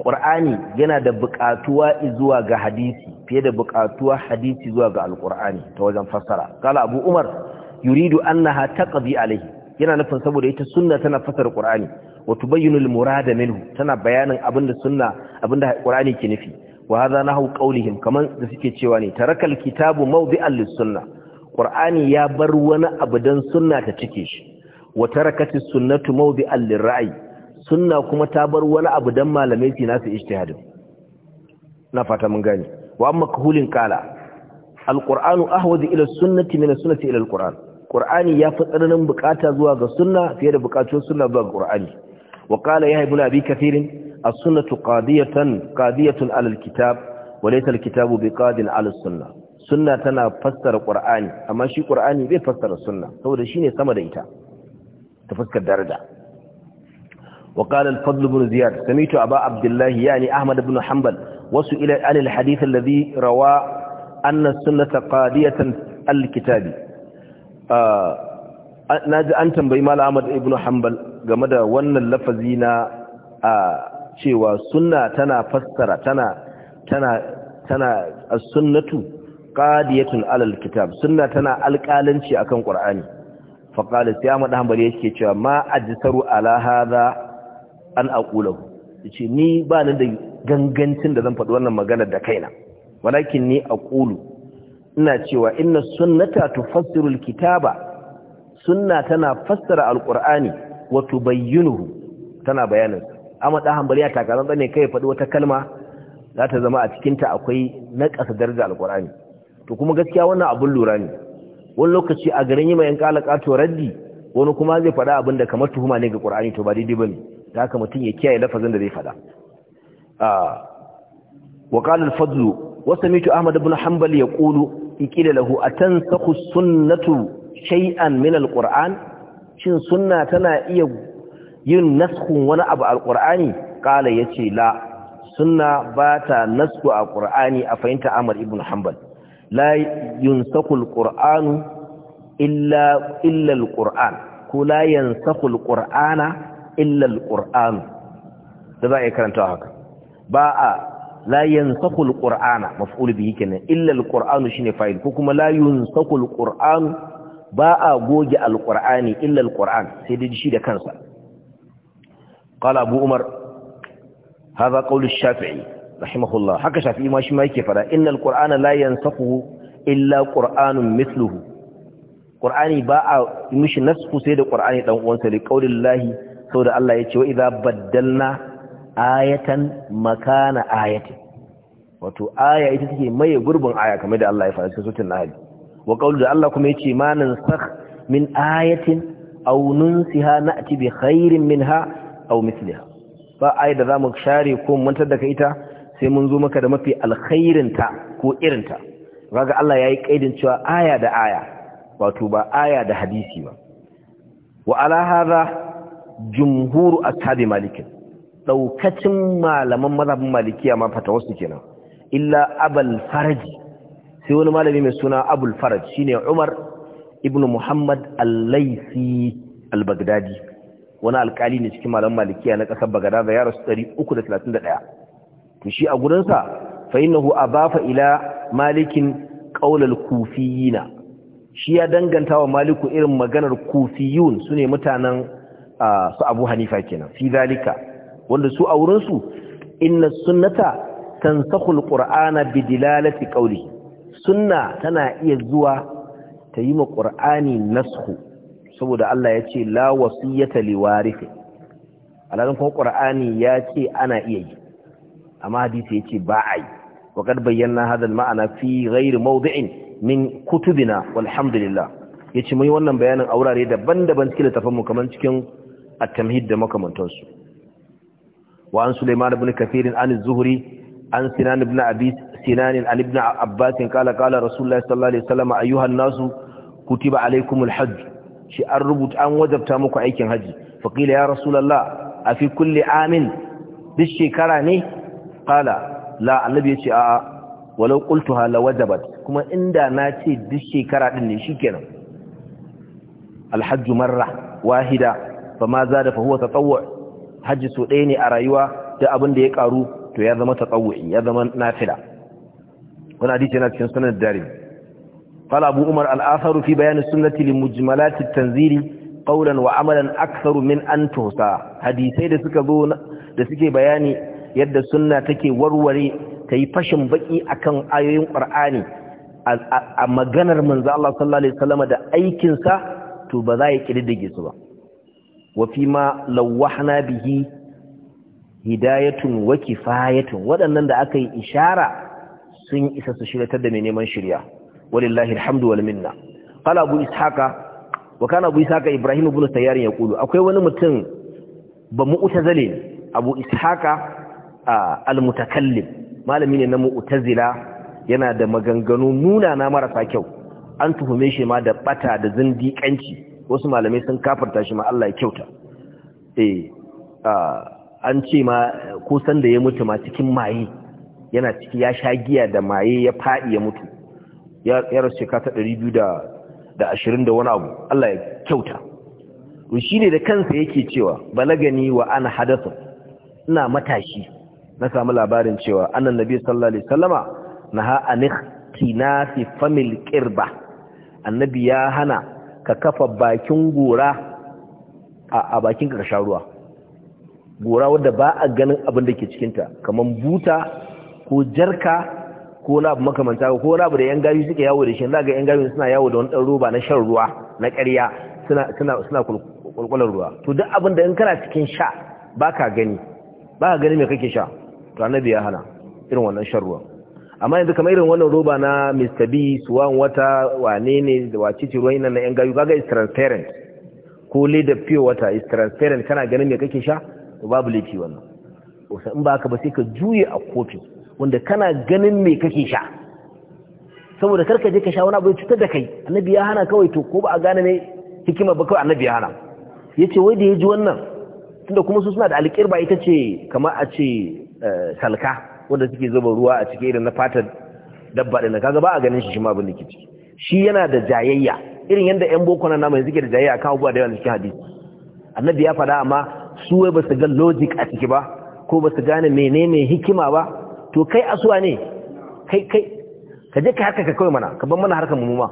qur'ani yana da buƙatuwa zuwa ga hadisi fiye da buƙatuwa hadisi zuwa ga al-qur'ani ta wajen fasara qala abu umar yuridu annaha taqdi alayhi yana nufin saboda ita sunna tana fasara qur'ani Watu tubayyinu murada minhu tana bayanin abinda sunna abinda qur'ani ke nufi wa hadha nahu qawlihim kaman da suke cewa ne tarakal kitabu mawdi'an lis-sunna qur'ani ya bar wani abu dan sunna ta cike shi wa tarakati sunnatu mawdi'an lir-ra'i sunna kuma ta bar wani abu dan malamai su nasu ijtihadin na fata mun gane wa amma kahulin qala al-qur'anu ahwadu ila sunnati min suna sunnati ila al-qur'an qur'ani ya fi tsananin bukata zuwa ga sunna fiye da bukatun sunna zuwa ga qur'ani وقال يحيى بن أبي كثير السنة قاضية قاضية على الكتاب وليس الكتاب بقاد على السنة سنة تنا فسر قرآن أما شي قرآن بي فسر السنة هو دشيني سمد إيتا تفسك الدرجة وقال الفضل بن زياد سميت أبا عبد الله يعني أحمد بن حنبل وسئل عن الحديث الذي روى أن السنة قاضية الكتاب آه na ji an tambayi mala ahmad ibn hanbal game da wannan lafazi na a cewa sunna tana fassara tana tana tana as-sunnatu qadiyatun alal kitab sunna tana alƙalanci akan qur'ani fa qala sai ahmad hanbal yake cewa ma ajsaru ala hadha an aqulahu yace ni ba ni da gangancin da zan faɗi wannan magana da kaina walakin ni aqulu ina cewa inna sunnata tufassiru al-kitaba sunna tana fassara alqur'ani wa tubayyinuhu tana bayanin amma da hanbali ya takaran bane kai faɗi wata kalma za ta zama a cikin ta akwai ƙasa daraja alqur'ani to kuma gaskiya wannan abun lura ne wani lokaci a garin yi mai yan kalaka raddi wani kuma zai faɗa abin da kamar tuhuma ne ga qur'ani to ba daidai bane da haka mutum ya kiyaye lafazin da zai faɗa wa qala al-fadl wa sami'tu ahmad ibn hanbal yaqulu ikila lahu atansaku sunnatu shay'an min alquran shin sunna tana iya yin naskhun wani abu alqurani qala yace la sunna ba ta nasku alqurani a fahimta Ahmad ibn Hanbal la yunsaku alquranu illa illa alquran ko la yansaku alqurana illa alquran da za a karanta haka ba a la yansakul qur'ana maf'ul bihi kenan illa alqur'anu shine fa'il ko kuma la yunsakul qur'anu ba a goge alqur'ani illa alqur'an sai dai shi da kansa qala abu umar haza qawl ash-shafi'i rahimahullah haka shafi'i ma shi ma yake fara innal qur'ana la yansakhu illa qur'anun mithluhu ƙurani ba a mishi nasku sai da qur'ani dan uwansa da li sau da Allah ya ce wa idza baddalna ayatan makana ayatin wato aya ita take maye gurbin aya kamar da Allah ya faɗa cikin suratul nahl wa qawlu da Allah kuma yace ma sak min ayatin aw nunsiha na'ti bi khairin minha aw mithliha ba ai da zamu share ko mun tada ka ita sai mun zo maka da mafi alkhairin ta ko irin ta kaga Allah yayi kaidin cewa aya da aya wato ba aya da hadisi ba wa ala hadha jumhuru ashabi malikin daukacin malaman mazhabin malikiya ma fatawarsu kenan illa abal faraji sai wani malami mai suna abul faraj shine umar ibn muhammad al-laisi al-baghdadi wani alkali ne cikin malaman malikiya na kasar baghdad ya rasu 331 to shi a gurinsa fa innahu abafa ila malikin qaulal kufiyina shi ya danganta wa maliku irin maganar kufiyun sune mutanen su abu hanifa kenan fi zalika wanda su a wurinsu inna sunnata tansakhul qur'ana bi dilalati qawlihi sunna tana iya zuwa ta yi ma ƙur'ani nasku saboda Allah ya ce la wasiyyata li warithi kuma ƙur'ani ya ce ana iya yi amma hadisi ya ce ba a yi waƙar bayyana hadal ma'ana fi ghairi mawdi'in min kutubina walhamdulillah yace mu yi wannan bayanin a wurare daban-daban cikin littafin mu kamar cikin at-tamhid da makamantansu wa an Sulaiman ibn kafirin an Zuhuri, zuhri an Sinan ibn sinan an ibn abbas kala kala rasulullahi sallallahu alaihi wasallam ayyuhan nasu kutiba alaikumul hajj shi an rubuta an wajabta muku aikin haji fa qila ya rasulullah afi kulli amin duk shekara ne kala la annabi yace a walau qultuha la wajabat kuma inda na ce duk shekara din ne shikenan alhajj marra wahida fama zada fa huwa tatawwu haji so ɗaya ne a rayuwa da abin da ya karu to ya zama tatawwu ya zama nafila wani hadisi yana cikin sunan darimi abu umar al-atharu fi bayan sunnati li mujmalat at-tanzili qawlan wa amalan aktharu min an tuhsa hadisai da zo da suke bayani yadda sunna take warware ta yi fashin baƙi akan ayoyin Ƙur'ani, a maganar manzo Allah sallallahu da aikin sa to ba za ya kididdige su ba wa fi ma lawahna bihi hidayatun wa kifayatun waɗannan da aka yi ishara sun isa su shiryatar da mai neman shirya walillahi alhamdu wal minna qala abu ishaqa wa kana abu ishaqa ibrahim ibn tayyar ya kulu akwai wani mutum ba mu'tazili abu ishaqa al malami ne na mu'tazila yana da maganganu nuna na marasa kyau an tuhume shi ma da bata da zindiƙanci wasu malamai sun kafarta shi ma Allah ya kyauta eh an ce ma ko san da ya mutu ma cikin maye yana ciki ya sha giya da maye ya faɗi ya mutu ya rasu shekara ta ɗari biyu da ashirin da wani abu Allah ya kyauta shi ne da kansa yake cewa balagani wa ana hadasa ina matashi na samu labarin cewa annan nabi sallallahu alaihi wasallama naha anikh fi famil qirba annabi ya hana ka kafa bakin gora a bakin ka sha ruwa gora wadda ba a ganin abin da ke cikinta kamar buta ko jarka ko abu makamanta ko wani abu da yan gari suke yawo da shi za ga yan gari suna yawo da wani ɗan roba na shan ruwa na ƙarya suna suna kulkulan ruwa to duk abin da in kana cikin sha baka gani baka gani me kake sha to annabi ya hana irin wannan shan ruwa amma yanzu kamar irin wannan roba na Mr. B suwan wata wane ne da wace ce ruwan nan na yan gayu kaga is transparent ko leda pure water is transparent kana ganin me kake sha to babu laifi wannan in ba ka ba sai ka juye a kofi wanda kana ganin me kake sha saboda karka je ka sha wani abu ya cutar da kai annabi ya hana kawai to ko ba a gane ne hikima ba kawai annabi ya hana yace wai da ya ji wannan tunda kuma su suna da alƙirba ita ce kamar a ce eh, salka wanda suke zuba ruwa a cikin irin na fatar dabba ɗin kaga ba a ganin shi shi ma abin da ke ciki shi yana da jayayya irin yadda yan boko na namu suke da jayayya akan abubuwa da yawa cikin hadisi annabi ya faɗa amma su wai ba su ga logic a ciki ba ko ba su gane menene hikima ba to kai asuwa ne kai kai ka je ka haka ka kawai mana ka ban mana harkar mu ma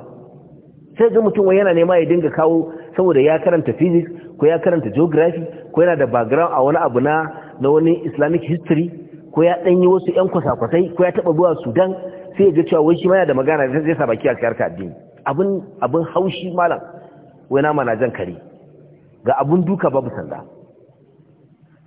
sai ga mutum wai yana nema ya dinga kawo saboda ya karanta physics ko ya karanta geography ko yana da background a wani abu na na wani islamic history ko ya dan yi wasu yan kwasa-kwasai ko ya taba zuwa sudan sai ya ga cewa wai shi ma yana da magana zai sa baki a kai addini abin abin haushi malam wai nama na jan kare ga abun duka babu sanda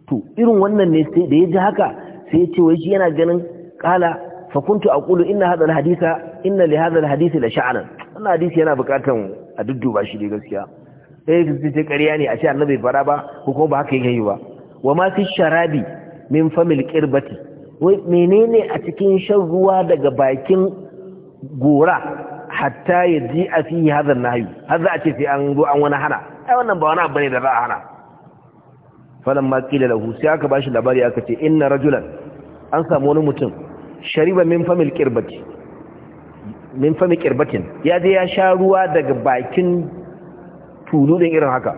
to irin wannan ne sai da ya ji haka sai ya ce wai shi yana ganin kala fa kuntu aqulu inna hadha alhaditha inna li hadha la wannan hadisi yana bukatan a dudduba shi dai gaskiya sai ya ce kariya ne a ce annabi fara ba ko kuma ba haka yake yi ba wa ma fi sharabi min famil qirbati wai menene a cikin shan ruwa daga bakin gora hatta yaji a fi hadha alnahyi hadha a ce sai an zo an wani hana ai wannan ba wani abu ne da za a hana falan ma kila lahu sai aka bashi labari aka ce inna rajulan an samu wani mutum shariba min famil qirbati ya je ya sha ruwa daga bakin tulu irin haka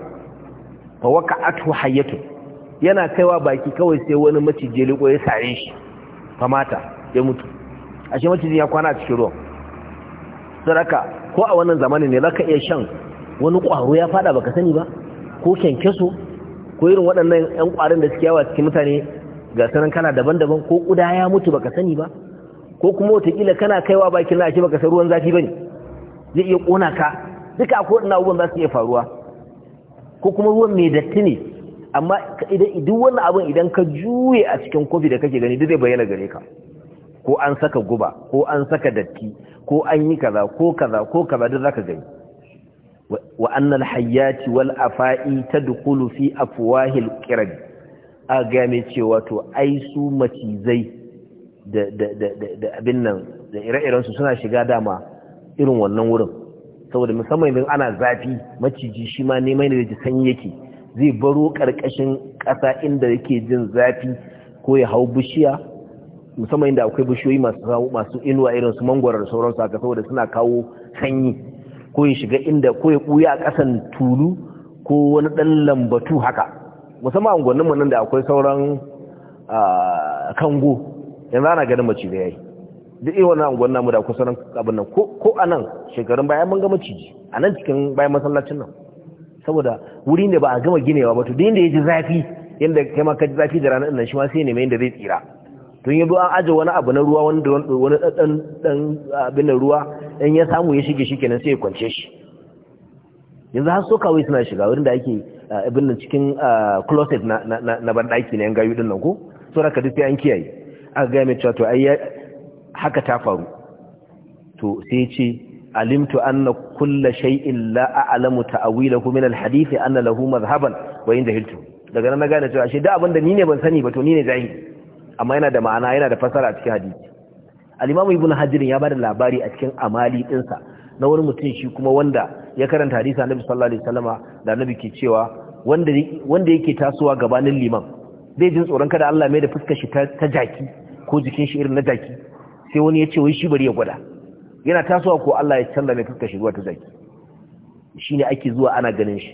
fa waqa'atu hayyatu yana kaiwa baki kawai sai wani macije liko ya sare shi mata ya mutu ashe macijin ya kwana a cikin ruwan saraka ko a wannan zamanin ne zaka iya shan wani ƙwaro ya fada baka sani ba ko kyankyaso ko irin waɗannan yan ƙwarin da suke yawa cikin mutane ga sanan kana daban-daban ko ƙuda ya mutu baka sani ba ko kuma wataƙila kana kaiwa bakin lashi baka san ruwan zafi ne? zai iya ƙona ka duka akwai waɗannan abubuwan za su iya faruwa ko kuma ruwan mai datti ne amma duk wannan abin idan ka juye a cikin kofi da kake gani duk zai bayyana gare ka ko an saka guba ko an saka datti ko an yi kaza ko kaza ko kaza duk zaka gani wa hayyaci hayyati wal afa'i tadkhulu fi afwahil qirab a Aga mai cewa to ai su macizai da da da da abin nan da ire-iren su suna shiga dama irin wannan wurin saboda musamman idan ana zafi maciji shi ma neman da sanyi yake zai baro karkashin ƙasa inda yake jin zafi ko ya hau bishiya musamman inda akwai bishiyoyi masu masu inuwa irin su da sauransu haka saboda suna kawo sanyi ko ya shiga inda ko ya ɓuya a ƙasan tulu ko wani ɗan lambatu haka musamman angonin nan da akwai sauran kango yanzu ana ganin mace da yayi duk irin wannan angon namu da akwai sauran abin nan ko a nan shekarun bayan mun ga maciji a nan cikin bayan masallacin nan saboda wuri ne ba a gama ginewa ba to da yanda ya ji zafi yanda kai ma ka zafi da ranar nan shi ma sai ne mai yanda zai tsira don yi an aje wani abu na ruwa wanda wani ɗan abin ruwa ɗan ya samu ya shige shi kenan sai ya kwance shi yanzu har soka wai suna shiga wurin da ake ah, abin nan cikin ah, closet na banɗaki na yan gayu ɗin nan ko so da ka an kiyaye aka gaya mai cewa to ai haka ta faru to sai ce alimtu anna kulla shay'in la a'lamu ta'wilahu min al-hadith anna lahu madhhaban wa da hiltu daga nan na gane cewa shi da abin da ni ne ban sani ba to ni ne zahiri amma yana da ma'ana yana da fasara a cikin hadisi al-imamu ibnu hajar ya bada labari a cikin amali dinsa na wani mutum shi kuma wanda ya karanta hadisi annabi sallallahu alaihi wasallama da annabi ke cewa wanda wanda yake tasowa gabanin liman zai jin tsoron kada Allah mai da fuskar shi ta jaki ko jikin shi irin na jaki sai wani ya ce wai shi bari ya gwada yana tasowa ko Allah ya canza mai fuskar shi zuwa ta jaki. shine ake zuwa ana ganin shi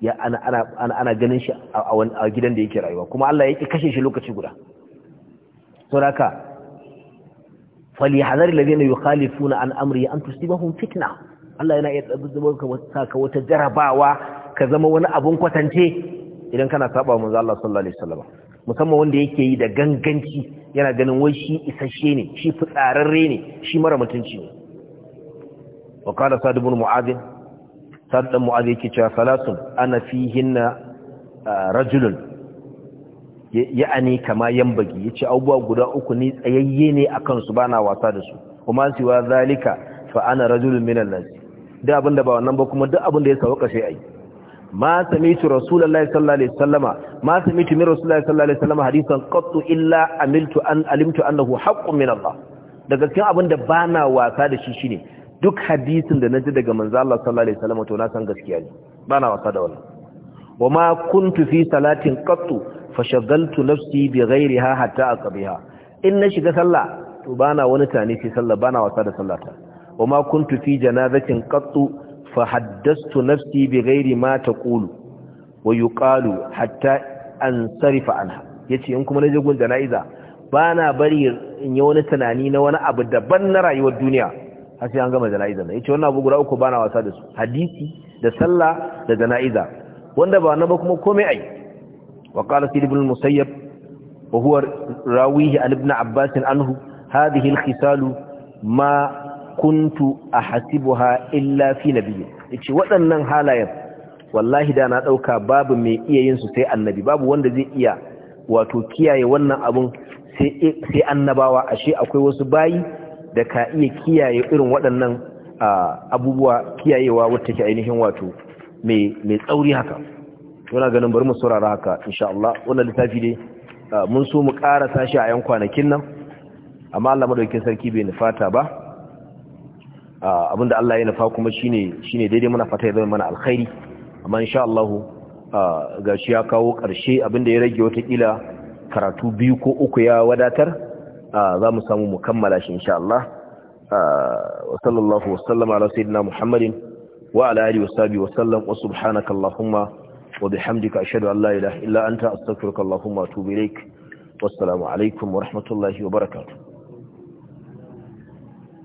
ya ana ana ana ganin shi a gidan da yake rayuwa kuma Allah ya kashe shi lokaci guda suraka فليحذر الذين na عن امره ان hun fitna. Allah yana iya zubar ka wata jarabawa ka zama wani abun kwatance idan kana saba manzo Allah sallallahu alaihi musamman wanda yake yi da ganganci yana ganin wai shi isasshe ne shi fitsararre ne shi mara mutunci ne wa qala sa'd ibn mu'adh sa'd yake cewa salatun ana hinna rajulun ya'ani kama yambagi yace abubuwa guda uku ni tsayayye ne akan su bana wasa da su kuma siwa zalika fa ana rajulun minan nas da abinda ba wannan ba kuma duk abinda ya sauka sai ai ma samitu rasulullahi sallallahu alaihi wasallama ma samitu min rasulullahi sallallahu alaihi wasallama hadithan qattu illa amiltu an alimtu annahu haqqun min Allah da cikin abinda bana wasa da shi shine duk hadisin da naji daga manzo Allah sallallahu alaihi wasallama to na san gaskiya ne bana wasa da wannan ma kuntu fi salatin qattu fashagaltu nafsi bi ghairiha hatta aqbiha in na shiga sallah to bana wani tani sai sallah bana wasa da sallah sallata wama kuntu fi janazatin qattu fa haddastu nafsi bi ghairi ma taqulu wa yuqalu hatta ansarifa anha yace in kuma naje gun janaiza bana bari in yi wani tunani na wani abu daban na rayuwar duniya har sai an gama janaiza yace wannan abu guda uku bana wasa da su hadisi da sallah da janaiza wanda ba na ba kuma komai ai وقال سيد بن المسيب وهو راويه عن ابن عباس عنه هذه الخصال ما كنت أحسبها إلا في نبي يكشي وأنن حالايب والله دا na ɗauka babu mai iya yin su sai annabi babu wanda zai iya wato kiyaye wannan abun sai sai annabawa ashe akwai wasu bayi da ka iya kiyaye irin waɗannan abubuwa kiyayewa wacce ke ainihin wato mai tsauri haka muna ganin bari mu saurara haka insha Allah wannan littafi ne mun so mu ƙara shi a yan kwanakin nan amma Allah madaukakin sarki bai nufata ba abinda Allah ya nufa kuma shine shine daidai muna fata ya mana alkhairi amma insha Allah gashi ya kawo karshe abinda ya rage wata kila karatu biyu ko uku ya wadatar za mu samu mu kammala shi insha Allah wa sallallahu wa sallama ala sayyidina Muhammadin wa ala alihi wa sahbihi wa sallam wa allahumma وبحمدك أشهد أن لا إله إلا أنت أستغفرك اللهم وأتوب إليك والسلام عليكم ورحمة الله وبركاته